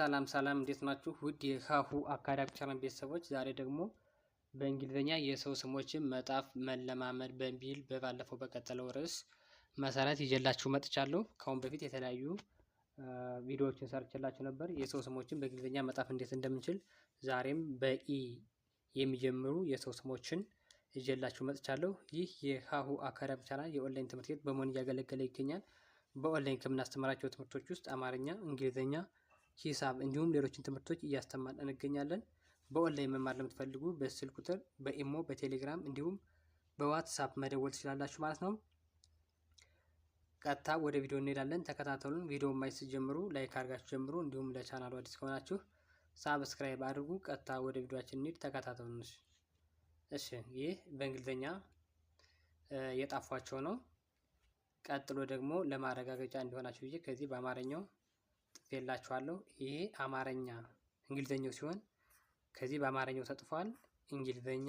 ሰላም ሰላም እንዴት ናችሁ? ውድ የካሁ አካዳሚ ቻናል ቤተሰቦች ዛሬ ደግሞ በእንግሊዝኛ የሰው ስሞችን መጣፍ መለማመድ በሚል በባለፈው በቀጠለው ርዕስ መሰረት ይዤላችሁ መጥቻለሁ። ከአሁን በፊት የተለያዩ ቪዲዮዎችን ሰርችላችሁ ነበር የሰው ስሞችን በእንግሊዝኛ መጣፍ እንዴት እንደምንችል። ዛሬም በኢ የሚጀምሩ የሰው ስሞችን ይዤላችሁ መጥቻለሁ። ይህ የካሁ አካዳሚ ቻናል የኦንላይን ትምህርት ቤት በመሆን እያገለገለ ይገኛል። በኦንላይን ከምናስተምራቸው ትምህርቶች ውስጥ አማርኛ፣ እንግሊዝኛ ሂሳብ እንዲሁም ሌሎችን ትምህርቶች እያስተማር እንገኛለን። በኦንላይን መማር ለምትፈልጉ በስልክ ቁጥር በኢሞ በቴሌግራም እንዲሁም በዋትሳፕ መደወል ትችላላችሁ ማለት ነው። ቀጥታ ወደ ቪዲዮ እንሄዳለን። ተከታተሉን። ቪዲዮ ማየት ስትጀምሩ ላይክ አድርጋችሁ ጀምሩ። እንዲሁም ለቻናሉ አዲስ ከሆናችሁ ሳብስክራይብ አድርጉ። ቀጥታ ወደ ቪዲዮችን እንሂድ። ተከታተሉን። እሺ፣ ይህ በእንግሊዝኛ የጣፏቸው ነው። ቀጥሎ ደግሞ ለማረጋገጫ እንዲሆናችሁ ብዬ ከዚህ በአማርኛው ጽፌላችኋለሁ። ይሄ አማረኛ እንግሊዘኛው ሲሆን ከዚህ በአማረኛው ተጽፏል። እንግሊዘኛ፣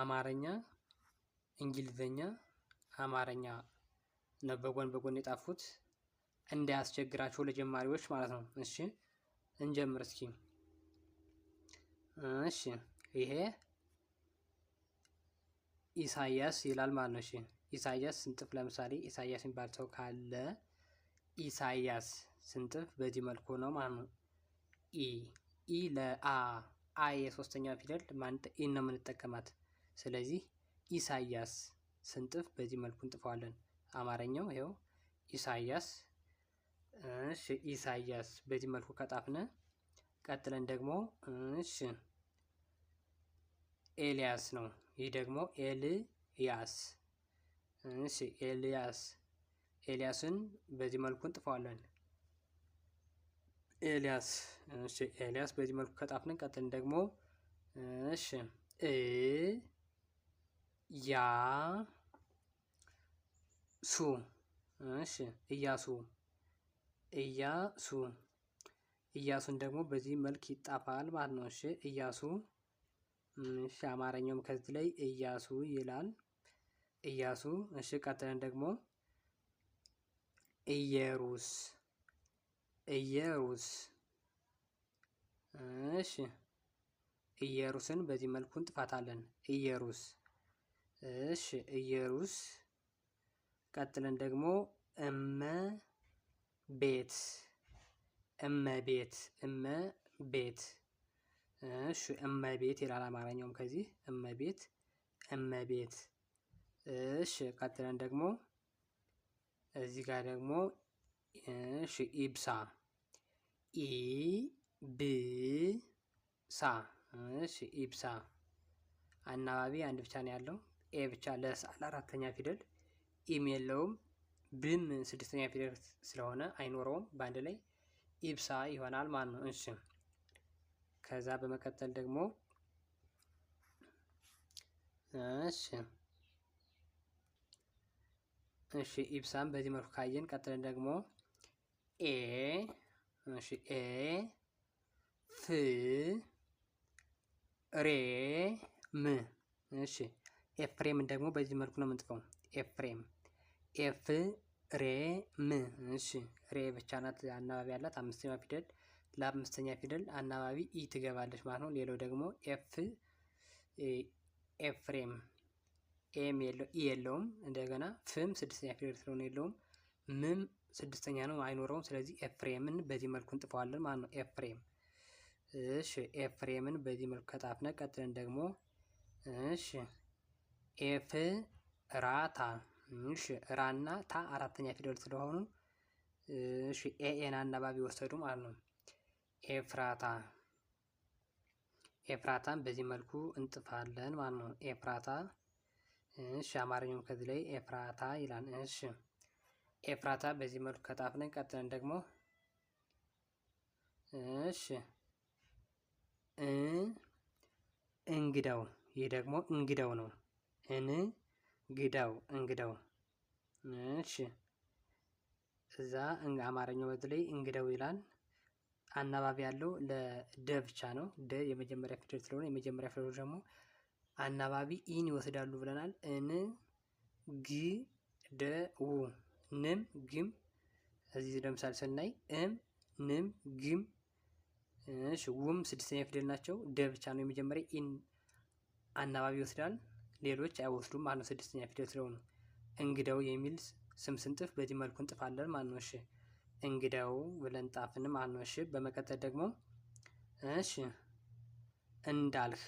አማረኛ፣ እንግሊዘኛ፣ አማረኛ ነው በጎን በጎን የጣፉት እንዳያስቸግራቸው ለጀማሪዎች ማለት ነው። እሺ እንጀምር እስኪ። እሺ ይሄ ኢሳያስ ይላል ማለት ነው። እሺ ኢሳያስ ስንጥፍ ለምሳሌ ኢሳያስ የሚባል ሰው ካለ ኢሳያስ ስንጥፍ በዚህ መልኩ ነው ማለት ነው። ኢ ኢ ለአ አ የሶስተኛ ፊደል ኢ ነው የምንጠቀማት። ስለዚህ ኢሳያስ ስንጥፍ በዚህ መልኩ እንጥፈዋለን። አማርኛው ይኸው ኢሳያስ። እሺ ኢሳያስ በዚህ መልኩ ከጣፍነ ቀጥለን ደግሞ እሺ ኤልያስ ነው። ይህ ደግሞ ኤልያስ እሺ ኤልያስ ኤልያስን በዚህ መልኩ እንጥፈዋለን። ኤልያስ እሺ፣ ኤልያስ በዚህ መልኩ ከጣፍን ቀጥልን ደግሞ እሺ፣ እ ያ ሱ እሺ፣ እያሱ እያሱ እያሱን ደግሞ በዚህ መልክ ይጣፋል ማለት ነው። እሺ፣ እያሱ እሺ፣ አማርኛውም ከዚህ ላይ እያሱ ይላል። እያሱ እሺ፣ ቀጥለን ደግሞ ኢየሩስ ኢየሩስ። እሺ ኢየሩስን በዚህ መልኩ እንጥፋታለን። ኢየሩስ። እሺ ኢየሩስ። ቀጥለን ደግሞ እመ ቤት እመ ቤት እመ ቤት። እሺ እመ ቤት ይላል አማርኛውም ከዚህ እመ ቤት እመ ቤት። እሺ ቀጥለን ደግሞ እዚህ ጋር ደግሞ እሺ ኢብሳ ኢ ብ ሳ እሺ ኢብሳ አናባቢ አንድ ብቻ ነው ያለው። ኤ ብቻ ለሳል አራተኛ ፊደል ኢም የለውም። ብም ስድስተኛ ፊደል ስለሆነ አይኖረውም። በአንድ ላይ ኢብሳ ይሆናል ማለት ነው። እሺ ከዛ በመቀጠል ደግሞ እሺ እሺ ኢብሳን በዚህ መልኩ ካየን፣ ቀጥለን ደግሞ ኤ እሺ ኤ ፍ ሬ ም እሺ ኤፍሬምን ደግሞ በዚህ መልኩ ነው የምንጽፈው። ኤፍሬም ኤፍ ሬ ም እሺ ሬ ብቻ ናት አናባቢ ያላት አምስተኛ ፊደል ለአምስተኛ ፊደል አናባቢ ኢ ትገባለች ማለት ነው። ሌላው ደግሞ ኤፍ ኤፍሬም ኤም ኢ የለውም። እንደገና ፍም ስድስተኛ ፊደል ስለሆነ የለውም። ምም ስድስተኛ ነው አይኖረውም። ስለዚህ ኤፍሬምን በዚህ መልኩ እንጥፈዋለን ማለት ነው። ኤፍሬም እሺ፣ ኤፍሬምን በዚህ መልኩ ከጣፍነ ቀጥለን ደግሞ እሺ፣ ኤፍ ራታ እሺ፣ ራና ታ አራተኛ ፊደል ስለሆኑ እሺ፣ ኤኤን አናባቢ ወሰዱ ማለት ነው። ኤፍራታ ኤፍራታን በዚህ መልኩ እንጥፋለን ማለት ነው። ኤፍራታ እሺ አማርኛውም ከዚህ ላይ ኤፍራታ ይላል። እሺ ኤፍራታ በዚህ መልኩ ከጻፍን ቀጥለን ደግሞ እሺ እ እንግዳው ይህ ደግሞ እንግዳው ነው። እን ግዳው እንግዳው። እሺ እዛ አማርኛው በዚህ ላይ እንግዳው ይላል። አናባቢ ያለው ለደ ብቻ ነው። ደ የመጀመሪያ ፊደል ስለሆነ የመጀመሪያ ፊደሎች ደግሞ አናባቢ ኢን ይወስዳሉ ብለናል። እን ግ ደ ው ንም ግም እዚህ ለምሳሌ ስናይ እም ንም ግም እሺ ውም ስድስተኛ ፊደል ናቸው። ደ ብቻ ነው የመጀመሪያ ኢን አናባቢ ይወስዳል። ሌሎች አይወስዱም ማለት ነው። ስድስተኛ ፊደል ስለሆኑ እንግዳው የሚል ስም ስንጥፍ በዚህ መልኩ እንጥፋለን ማለት ነው። እሺ እንግዳው ብለን ጣፍን ማለት ነው። እሺ በመቀጠል ደግሞ እሺ እንዳልህ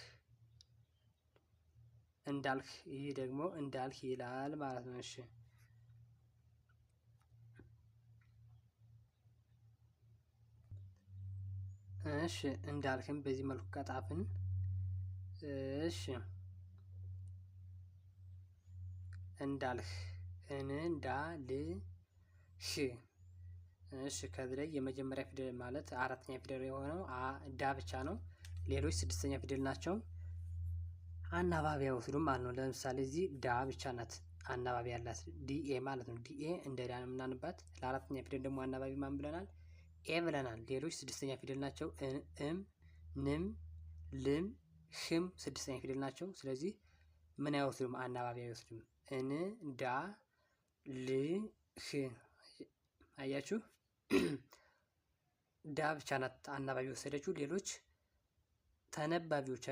እንዳልክ ይህ ደግሞ እንዳልክ ይላል ማለት ነው። እሺ እሺ እንዳልክም በዚህ መልኩ ቀጣፍን። እሺ እንዳልህ እንዳልህ። እሺ ከዚህ ላይ የመጀመሪያ ፊደል ማለት አራተኛ ፊደል የሆነው ዳ ብቻ ነው። ሌሎች ስድስተኛ ፊደል ናቸው። አናባቢያ አይወስዱም ማለት ነው። ለምሳሌ እዚህ ዳ ብቻ ናት አናባቢ ያላት ዲኤ ማለት ነው። ዲኤ እንደ ዳ የምናንባት። ለአራተኛ ፊደል ደግሞ አናባቢ ማን ብለናል? ኤ ብለናል። ሌሎች ስድስተኛ ፊደል ናቸው። እም፣ ንም፣ ልም፣ ሽም ስድስተኛ ፊደል ናቸው። ስለዚህ ምን አይወስዱም? አናባቢ አይወስዱም። እን፣ ዳ፣ ል፣ ሽ አያችሁ ዳ ብቻ ናት አናባቢ ወሰደችው። ሌሎች ተነባቢዎች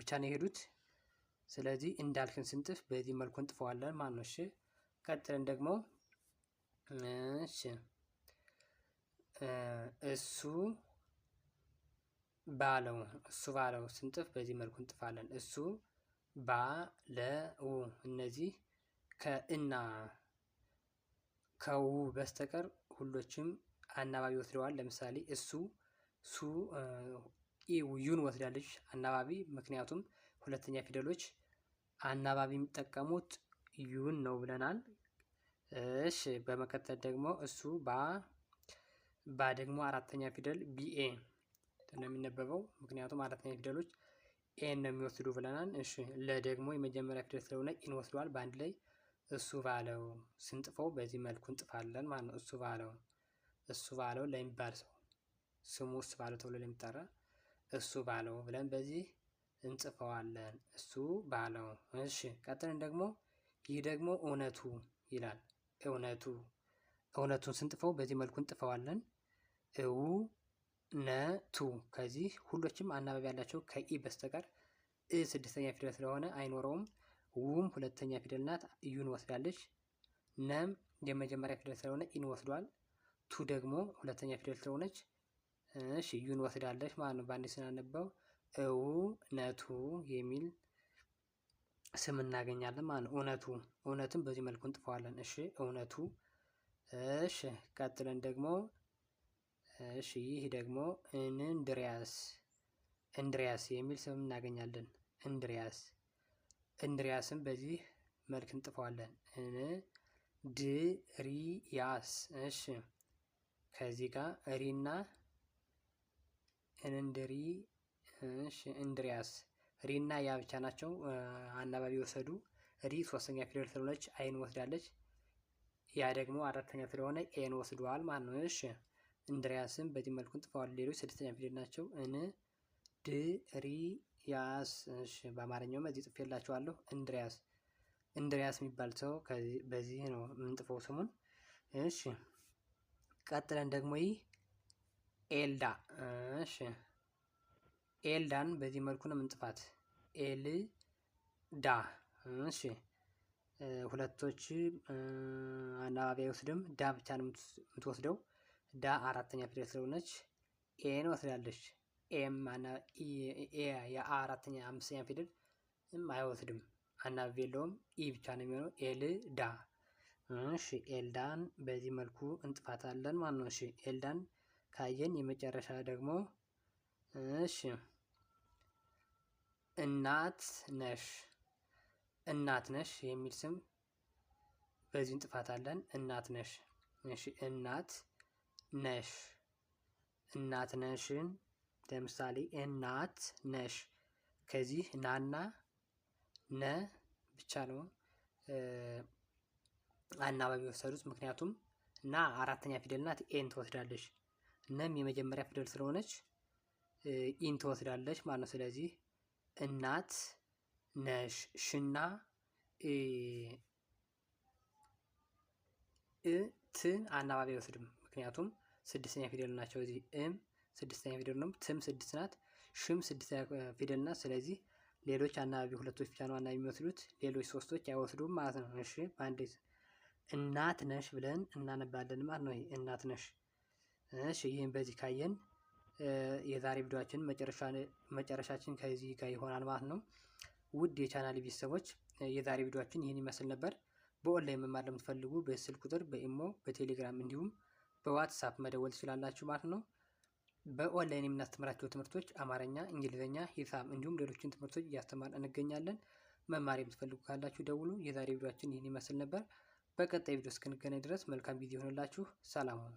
ብቻ ነው የሄዱት። ስለዚህ እንዳልክን ስንጥፍ በዚህ መልኩ እንጥፈዋለን ማለት ነው። እሺ ቀጥለን ደግሞ እሺ እሱ ባለው እሱ ባለው ስንጥፍ በዚህ መልኩ እንጥፋለን። እሱ ባለው እነዚህ ከእና ከው በስተቀር ሁሎችም አናባቢ ወስደዋል። ለምሳሌ እሱ ሱ ዩን ወስዳለች አናባቢ ምክንያቱም ሁለተኛ ፊደሎች አናባቢ የሚጠቀሙት ዩን ነው ብለናል። እሺ በመከተል ደግሞ እሱ ባ ባ ደግሞ አራተኛ ፊደል ቢኤ ነው የሚነበበው። ምክንያቱም አራተኛ ፊደሎች ኤን ነው የሚወስዱ ብለናል። እሺ ለ ደግሞ የመጀመሪያ ፊደል ስለሆነ ኢን ወስዷል። በአንድ ላይ እሱ ባለው ስንጥፈው በዚህ መልኩ እንጥፋለን ማለት ነው። እሱ ባለው እሱ ባለው ለሚባል ሰው ስሙ እሱ ባለው ተብሎ ለሚጠራ እሱ ባለው ብለን በዚህ እንጽፈዋለን። እሱ ባለው። እሺ ቀጥልን ደግሞ ይህ ደግሞ እውነቱ ይላል። እውነቱ እውነቱን ስንጥፈው በዚህ መልኩ እንጥፈዋለን። እው ነቱ ከዚህ ሁሎችም አናባቢ ያላቸው ከኢ በስተቀር እ ስድስተኛ ፊደል ስለሆነ አይኖረውም። ውም ሁለተኛ ፊደል ናት፣ እዩን ወስዳለች። ነም የመጀመሪያ ፊደል ስለሆነ ኢን ወስዷል። ቱ ደግሞ ሁለተኛ ፊደል ስለሆነች እሺ እዩን ወስዳለች ማለት ነው። በአንድ ስናነበው እውነቱ የሚል ስም እናገኛለን ማለት ነው። እውነቱ እውነትን በዚህ መልኩ እንጥፈዋለን። እሺ እውነቱ። እሺ ቀጥለን ደግሞ እሺ ይህ ደግሞ እንድሪያስ እንድሪያስ የሚል ስም እናገኛለን። እንድሪያስ እንድሪያስን በዚህ መልክ እንጥፈዋለን። እንድሪያስ እሺ ከዚህ ጋር ሪና እንንድሪ እሺ እንድሪያስ ሪና ያ ብቻ ናቸው አናባቢ ወሰዱ። ሪ ሶስተኛ ፊደል ስለሆነች አይን ወስዳለች። ያ ደግሞ አራተኛ ስለሆነ ኤን ወስደዋል ማለት ነው። እሺ እንድሪያስም በዚህ መልኩ እንጥፈዋል። ሌሎች ስድስተኛ ፊደል ናቸው። እን ያስ እሺ፣ በአማርኛውም እዚህ ጽፌላችኋለሁ። እንድሪያስ እንድሪያስ የሚባል ሰው በዚህ ነው የምንጥፈው ስሙን። እሺ ቀጥለን ደግሞ ይህ ኤልዳ እሺ ኤልዳን በዚህ መልኩ ነው የምንጽፋት። ኤል ዳ እሺ። ሁለቶች አናባቢ አይወስድም። ዳ ብቻ ነው የምትወስደው። ዳ አራተኛ ፊደል ስለሆነች ኤን ወስዳለች። ኤም የአራተኛ አምስተኛ ፊደል አይወስድም። አናባቢ የለውም። ኢ ብቻ ነው የሚሆነው። ኤል ዳ እሺ። ኤልዳን በዚህ መልኩ እንጥፋታለን ማለት ነው። እሺ ኤልዳን ካየን የመጨረሻ ደግሞ እሺ እናት ነሽ እናት ነሽ የሚል ስም በዚህ ጥፋት አለን። እናት ነሽ። እሺ እናት ነሽ እናት ነሽን ለምሳሌ እናት ነሽ ከዚህ ናና ነ ብቻ ነው አናባቢ የወሰዱት። ምክንያቱም ና አራተኛ ፊደል ናት፣ ኤን ትወስዳለች። ነም የመጀመሪያ ፊደል ስለሆነች ኢን ትወስዳለች ማለት ነው። ስለዚህ እናት ነሽ ሽና እ አናባቢ አይወስድም። ምክንያቱም ስድስተኛ ፊደል ናቸው። እዚህ እም ስድስተኛ ፊደል ነው፣ ትም ስድስት ናት፣ ሽም ስድስተኛ ፊደል ናት። ስለዚህ ሌሎች አናባቢ ሁለቶች ብቻ ነው አናባቢ የሚወስዱት፣ ሌሎች ሶስቶች አይወስዱም ማለት ነው። እሺ በአንድ እናት ነሽ ብለን እናነባለን ማለት ነው። እናት ነሽ። እሺ ይህን በዚህ ካየን የዛሬ ቪዲዮችን መጨረሻችን ከዚህ ጋር ይሆናል ማለት ነው። ውድ የቻናል ቤተሰቦች የዛሬ ቪዲዮችን ይህን ይመስል ነበር። በኦንላይን መማር ለምትፈልጉ በስልክ ቁጥር በኢሞ በቴሌግራም እንዲሁም በዋትሳፕ መደወል ትችላላችሁ ማለት ነው። በኦንላይን የምናስተምራቸው ትምህርቶች አማርኛ፣ እንግሊዝኛ፣ ሂሳብ እንዲሁም ሌሎችን ትምህርቶች እያስተማር እንገኛለን። መማር የምትፈልጉ ካላችሁ ደውሉ። የዛሬ ቪዲዮችን ይህን ይመስል ነበር። በቀጣይ ቪዲዮ እስክንገናኝ ድረስ መልካም ጊዜ ይሆንላችሁ። ሰላም ሁኑ።